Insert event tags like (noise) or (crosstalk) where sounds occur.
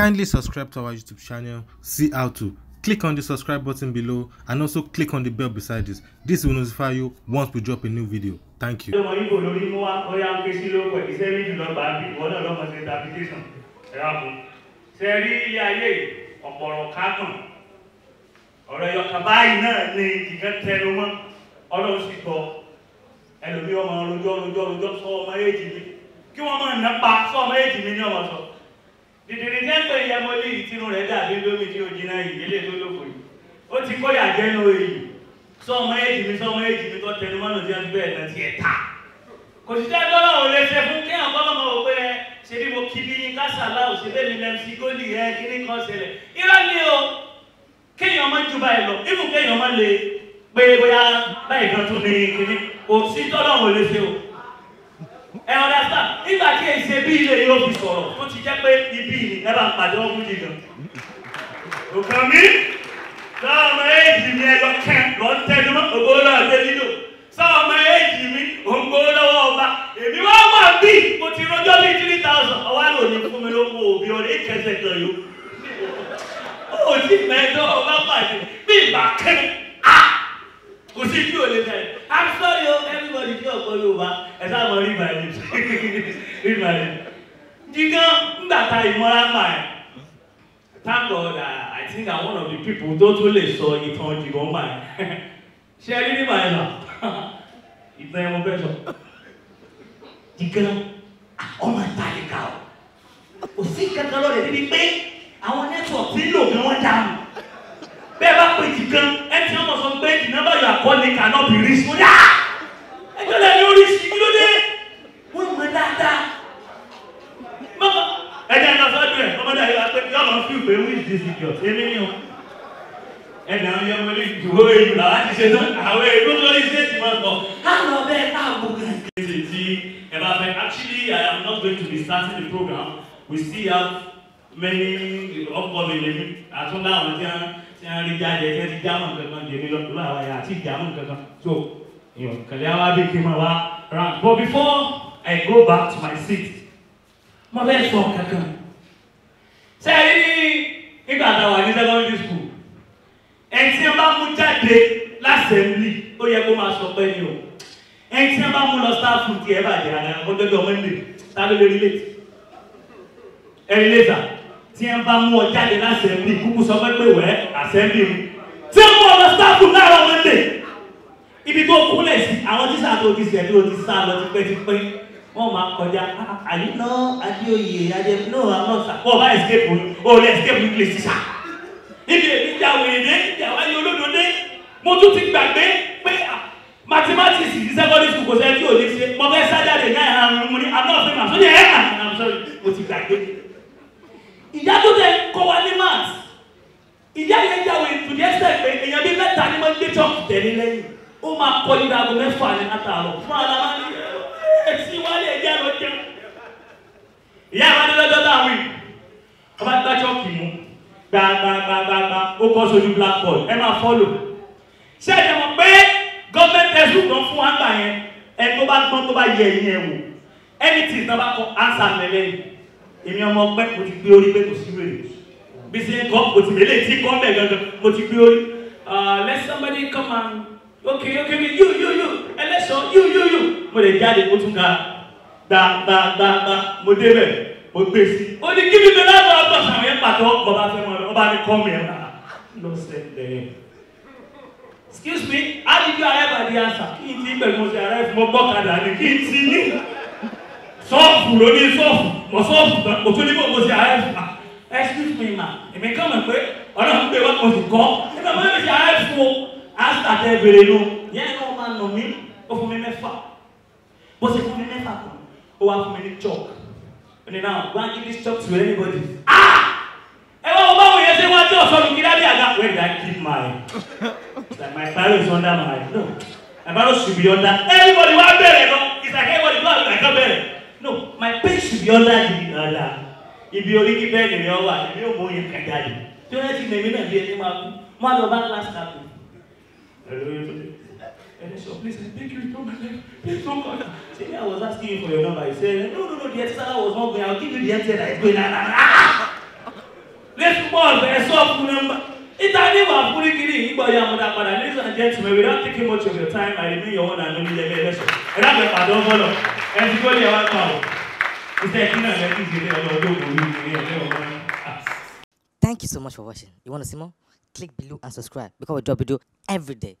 Kindly subscribe to our YouTube channel, see how to. Click on the subscribe button below and also click on the bell beside this. This will notify you once we drop a new video. Thank you. ọ̀rọ̀ ẹ̀yọ̀kà báyìí náà ni ìkan tẹnu mọ́ ọlọ́run sì gbọ́ ẹlòmíì ọmọ ọlọ́jọ́ ọlọ́jọ́ ọlọ́jọ́ sọ ọmọ èjì mi kí wọ́n máa nà sọ ọmọ èjì mi ní ọmọ sọ dìdìrì jẹ́pẹ̀ ìyẹmọlé ìtinú rẹ̀ dàbí lómi tí ó jiná yìí ilé tó lóko yìí ó ti kọ́yà jẹ́nu èyí sọmọ èjì mi sọmọ èjì mi tó tẹnu mọ́nà tí wọ́n bẹ̀rẹ̀ náà ti ẹ̀ ta kò sí dájọ́ náà ò lè ṣe fún kéèyàn kọ́ lọ́mọ òpé ẹ ṣe bí mo kí bí kásálà ò ṣe bẹ́ẹ̀ mi lẹ́nu sí gólì ẹ kíní kan ṣẹlẹ̀ irọ́ ni o kéèyàn má ju báyìí lọ ibùn kéèyàn má le pé bóyá báyìí kan tún ní kíní kò sí tọ́lọ́ ẹ ọ̀dàsá nígbà tí èyí ṣe bí ilé yóò fi sọ̀rọ̀ tó ti jẹ́ pé ibi ìní ẹ bá pàdé ọkùnrin yìí gan. òkàn mi sáwọn ọmọ èjì mi ẹjọ kẹ lọ ń tẹnu mọ́ ògbó náà dé nílò sáwọn ọmọ èjì mi ògbó lọ́wọ́ ọba èmi wá wà bí mo ti rọjọ́ bíi three thousand ọwọ́ àlọ́ ní fún mi lówó òbí ọ̀rẹ́ ìkẹsẹ̀ kan yó. ó ti mẹ́tọ́ ọba pàdé bí ìgbà kẹ́ ah! kò sí kí ò lè bẹ̀rẹ̀ bá ẹ sáà mọ rí ìbàlẹ̀ (laughs) rí ìbàlẹ̀ jígan ńgbàtà ìmọ̀ra mà ẹ̀ thank God I think I'm one of the people tó tún lè sọ ìtàn jìgbọ́n mà ẹ̀ (laughs) ṣe rí ní màá (laughs) ìtàn ẹ̀wọ̀n fẹ́ sọ jígan ọmọ ìtàlíkà o kò sí kankan lọ́dẹ̀ níbi pé àwọn nẹ́tíwọ̀kì tí ń lò gan wọ́n dáhùn bẹ́ẹ̀ bá pè jìgan ẹ ti ọmọ sọ pé the number you are calling cannot be reached. lọ fi pé which decision èmi ni o ẹnà àwọn ọmọ ilé ìdúró ìlú làwọn ti ṣe tán àwọn èèyàn tó lórí ṣéètì wọn kọ á actually I am not going to be starting the program we still have many upcoming lèmi àtúndà àwọn tí wọn tí wọn rí jáde ẹgbẹ́ ti jámọ̀ kankan jèmi lọ́dún àwọn ẹ̀yà àti so èèyàn kàlẹ́ àwa bí kí n but before I go back to my seat my fẹ́ sọ say. pẹ́ ni o ẹni tí wọ́n bá mú lọ sáfù tí ẹ bàjẹ́ àná ọjọ́ bí ọmọ nílé tábí lórí létí ẹni létà tí wọ́n bá mú ọ jáde lásẹ̀mí kúkú sọ pé wẹ́ àsẹ̀mí mu tí wọ́n mú ọ lọ sáfù láàárọ̀ mọ́ndé ibi tó kúlẹ̀ sí àwọn tíṣà tó ti sẹ̀ tó ti sá lọ tipẹ́tipẹ́ wọ́n máa kọjá àyínà ah, ah, adéoyè adéoyè náà alọ́sà wọ́n bá escape o lè escape english sísà níbi èmi jà wèrè níjà wáyé olódòdé mo tún ti gbàgbé pé mathematics ní secondary school kò sẹ́yìn tí ò lè ṣe mo fẹ́ sájáde ní àyà àrùn mu ní àbọ̀ ọ̀fẹ́ màá sọ́jà ẹ̀ àná sọ́rí mo ti gbàgbé. ìyá tó tẹ kọ́ wa ní maths ìyá yẹn yàwó ìtùdí ẹsẹ̀ pé èèyàn bí mẹ́ta ni wọ́n gbé chọ́ọ̀kì tẹ̀lé lẹ́yìn ó máa kọ́ ní aago mẹ́fà ní àtàrọ̀ fún ara wa ní ẹ̀sìn wa lè yá lọ jẹun. ìyá àwọn adọ́dọ́ láwìn ọba gbá chọ́ọ̀kì mú gbàgbàgbàgbà ó kọ́ sójú blackboard ẹ máa fọ́lò ṣé ẹ̀jẹ̀ mọ̀ government textbook fún wa yẹn ẹni tó bá gbọ́n tó bá yẹ ẹ̀yìn ẹ̀ wò anything náà bá kọ answer mi lẹ́yìn èmi ọmọ ọgbẹ́ mo ti gbé orí pé kò sí wèrè bí ṣe kọ́ mo ti mélé tí kọ́ bẹ̀ gangan mo ti gbé orí uh, let somebody come and okay okay me you you you ẹlẹ́sàn you you you mo lè jáde mo tún ga da da da da mo débẹ̀ mo gbé sí i ó ní kí mi bẹ̀rẹ̀ àwọn ọgbọ̀n àwọn yẹn pàtó bàbá fẹ́ ọ excuse me how did you arrive at the answer kí n ti pẹ̀lú mo ti arrive mo gbọ́ kadà ni kí n ti ní sọ́ọ̀fù ló ní sọ́ọ̀fù mo sọ́ọ̀fù mo tún ní mo ti arrive ma ah, excuse me ma èmi kàn mọ̀ pé ọ̀nà mi pé wá mo ti kọ́ ẹgbẹ́ mo ti arrive fún o answer tẹ bèrè nu yẹn ní wọ́n máa nù mí ó fún mi mẹ́fà bó ṣe fún mi mẹ́fà kan ó wá fún mi ní chalk ó ní now go and give this chalk to anybody ah ẹ wá wọ́n báwo yẹn ṣe wá tí ọ̀ṣọ́ mi kí lábẹ́ àga where did I keep my. Bible is under my no my Bible should be under everybody wa bẹ̀rẹ̀ no it's like everybody go out like a bẹ̀rẹ̀ no my page should be under the other. under ibi oríkì bẹ́ẹ̀ ni wọ́n You ibi yóò mú yẹn kẹjá yìí tí wọ́n ti nẹ̀mí náà bí ẹni máa kú máa lọ bá last cap ẹni sọ please thank beg you don't mind please don't come down say I was asking you for your number he said no no no the answer was not going I'll give you the answer that is going na let's go on ẹ sọ fún number. Itani wa kuri kiri igba ya muda pada. Ladies and gentlemen, without taking much of your time, I remain your own and only the lesson. And I'm a pardon follow. And you go there one now. Mr. Kina, let me give you a lot of Thank you so much for watching. You want to see more? Click below and subscribe because we drop video every day.